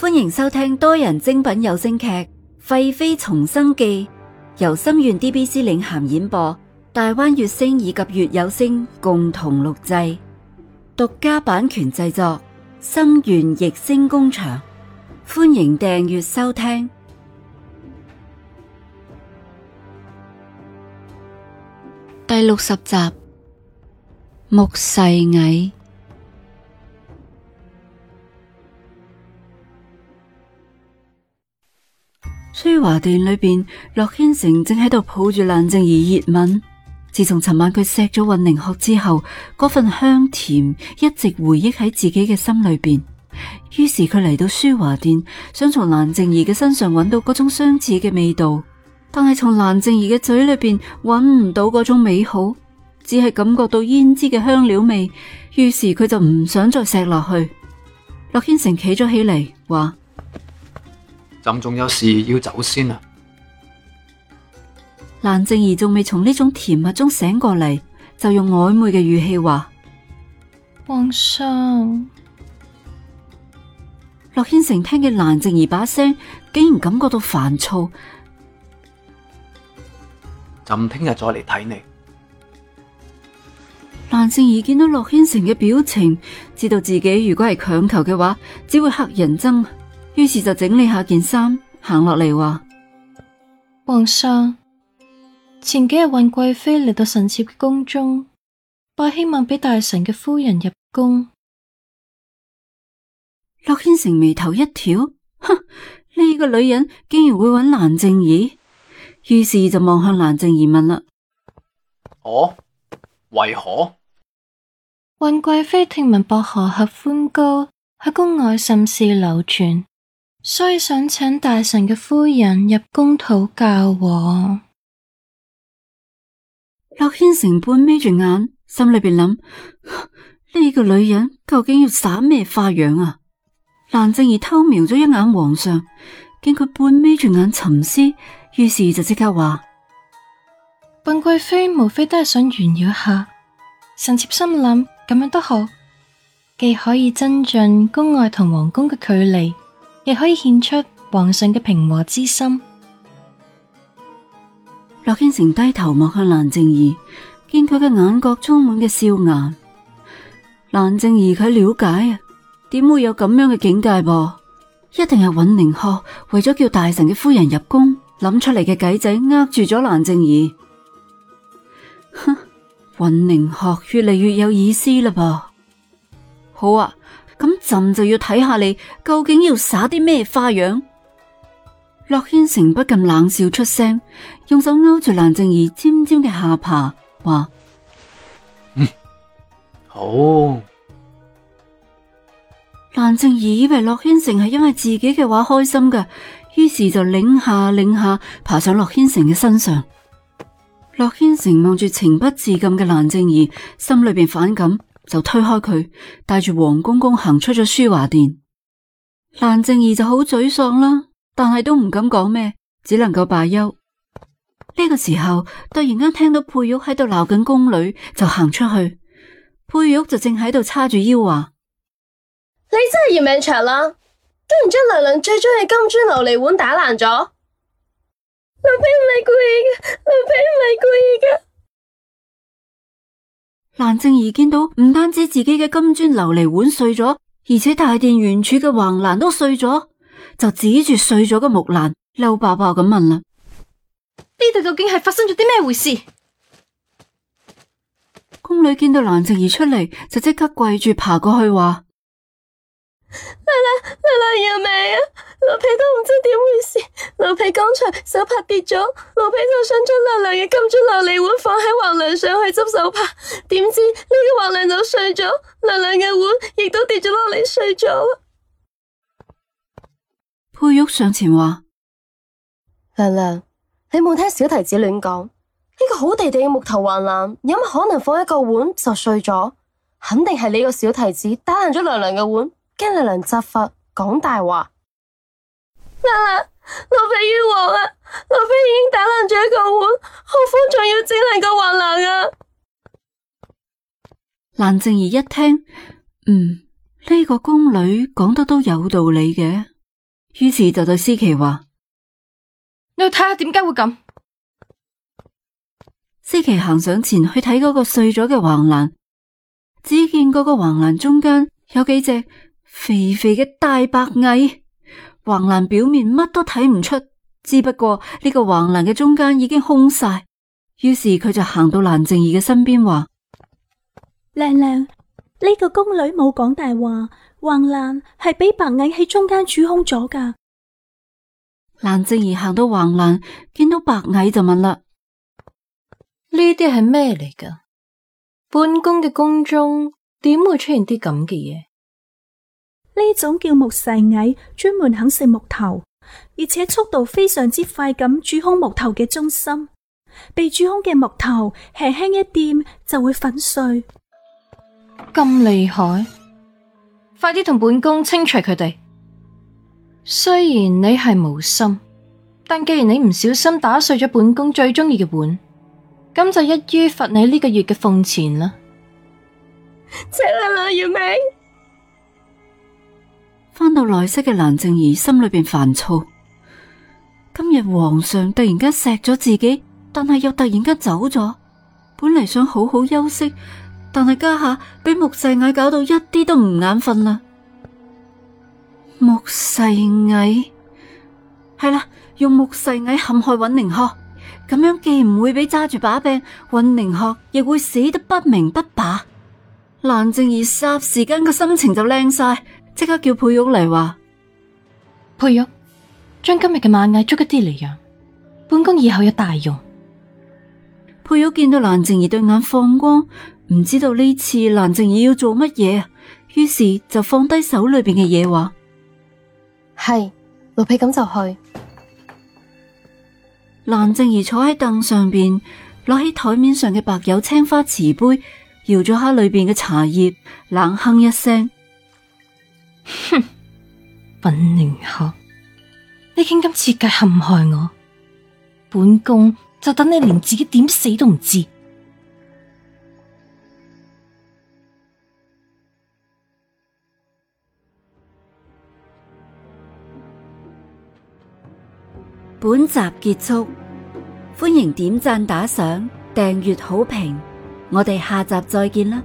歡迎收聽多人精品有聲劇《廢妃重生記》，由心願 DBC 領銜演播，大灣悅聲以及悅有聲共同錄製，獨家版權製作，心願逸聲工場。歡迎訂閱收聽第六十集《木噬蟻》。華殿裏邊，洛軒城正喺度抱住蘭靜儀熱吻。自從尋晚佢錫咗韻寧學之後，嗰份香甜一直回憶喺自己嘅心裏邊。於是佢嚟到舒華殿，想從蘭靜儀嘅身上揾到嗰種相似嘅味道。但係從蘭靜儀嘅嘴裏邊揾唔到嗰種美好，只係感覺到胭脂嘅香料味。於是佢就唔想再錫落去。洛軒城企咗起嚟，話。朕仲有事要走先啊！蘭靜兒仲未從呢種甜蜜中醒過嚟，就用曖昧嘅語氣話：皇上。洛軒成聽見蘭靜兒把聲，竟然感覺到煩躁。朕聽日再嚟睇你。蘭靜兒見到洛軒成嘅表情，知道自己如果係強求嘅話，只會吓人憎。於是就整理下件衫，行落嚟話：皇上前幾日云貴妃嚟到臣妾嘅宮中，拜希望俾大臣嘅夫人入宮。駱軒成眉頭一挑，哼，呢、這個女人竟然會揾蘭靜儀。於是就望向蘭靜儀問啦：哦，為何云貴妃聽聞薄荷合歡膏，喺宮外甚是流傳？所以想請大臣嘅夫人入宮討教我。樂軒成半眯住眼，心裏邊諗：呢個女人究竟要耍咩花樣啊？蘭靜兒偷瞄咗一眼皇上，見佢半眯住眼沉思，於是就即刻話：本貴妃無非都係想炫耀下。臣妾心諗，咁樣都好，既可以增進宮外同皇宮嘅距離。亦可以獻出皇上嘅平和之心。駱天成低頭望向蘭靜儀，見佢嘅眼角充滿嘅笑顏。蘭靜儀佢了解啊，點會有咁樣嘅境界噃？一定係尹寧學為咗叫大臣嘅夫人入宮諗出嚟嘅計仔，呃住咗蘭靜儀。哼，尹寧學越嚟越有意思喇噃。好啊。朕就要睇下你究竟要耍啲咩花樣。洛軒成不禁冷笑出聲，用手勾住蘭靜兒尖尖嘅下巴，話：嗯，好。蘭靜兒以為洛軒成係因為自己嘅話開心㗎，於是就擰下擰下爬上洛軒成嘅身上。洛軒成望住情不自禁嘅蘭靜兒，心裏邊反感。就推開佢，帶住黃公公行出咗書華殿，蘭靜儀就好沮喪啦，但係都唔敢講咩，只能夠罷休。呢、這個時候突然間聽到佩玉喺度鬧緊宮女，就行出去。佩玉就正喺度叉住腰話：你真係嫌命長啦，居然將娘娘最中意金磚琉璃碗打爛咗。奴婢未跪，奴蘭靜兒見到唔單止自己嘅金磚琉璃碗碎咗，而且大殿原處嘅橫欄都碎咗，就指住碎咗嘅木欄，嬲爆爆咁問啦：呢度究竟係發生咗啲咩回事？宮女見到蘭靜兒出嚟，就即刻跪住爬過去話。娘娘，娘娘饒命啊！奴婢都唔知點回事。奴婢剛才手帕跌咗，奴婢就想將娘娘嘅金樽琉璃碗放喺橫梁上去執手帕，點知呢個橫梁就碎咗，娘娘嘅碗亦都跌咗落嚟碎咗。佩玉上前話：娘娘，你冇聽小提子亂講，呢個好地地嘅木頭橫欄有乜可能放一個碗就碎咗？肯定係你個小提子打爛咗娘娘嘅碗。驚娘娘責罰，講大話。娘娘，奴婢冤枉啦！奴婢、啊、已經打爛咗一個碗，後方仲要整爛個橫欄啊！蘭靜兒一聽，嗯，呢、這個宮女講得都有道理嘅，於是就對思琪話：你去睇下點解會咁。思琪行上前去睇嗰個碎咗嘅橫欄，只見嗰個橫欄中間有幾隻。肥肥嘅大白蟻橫欄表面乜都睇唔出，只不過呢個橫欄嘅中間已經空晒。於是佢就行到蘭靜儀嘅身邊，話：娘娘，呢個宮女冇講大話，橫欄係俾白蟻喺中間蛀空咗噶。蘭靜儀行到橫欄，見到白蟻就問啦：呢啲係咩嚟噶？本宮嘅宮中點會出現啲咁嘅嘢？呢種叫木噬蟻，專門啃食木頭，而且速度非常之快，咁蛀空木頭嘅中心，被蛀空嘅木頭輕輕一掂就會粉碎。咁厲害！快啲同本宮清除佢哋。雖然你係無心，但既然你唔小心打碎咗本宮最中意嘅碗，咁就一於罰你呢個月嘅俸錢啦。謝娘娘，完美。翻到內室嘅蘭靜兒心裏邊煩躁，今日皇上突然間錫咗自己，但係又突然間走咗。本嚟想好好休息，但係家下俾木噬蟻搞到一啲都唔眼瞓啦。木噬蟻？係啦，用木噬蟻陷害尹寧鶴，咁樣既唔會俾揸住把柄，尹寧鶴亦會死得不明不白。蘭靜兒霎時間個心情就靚晒。即刻叫佩玉嚟話，佩玉，將今日嘅螞蟻捉一啲嚟養，本宮以後有大用。佩玉見到蘭靜兒對眼放光，唔知道呢次蘭靜兒要做乜嘢，於是就放低手裏邊嘅嘢話：係奴婢咁就去。蘭靜兒坐喺凳上邊，攞起台面上嘅白釉青花瓷杯，搖咗下裏邊嘅茶葉，冷哼一聲。哼，品寧學你竟咁設計陷害我，本宮就等你連自己點死都唔知。本集結束，歡迎點讚、打賞、訂閱、好評，我哋下集再見啦！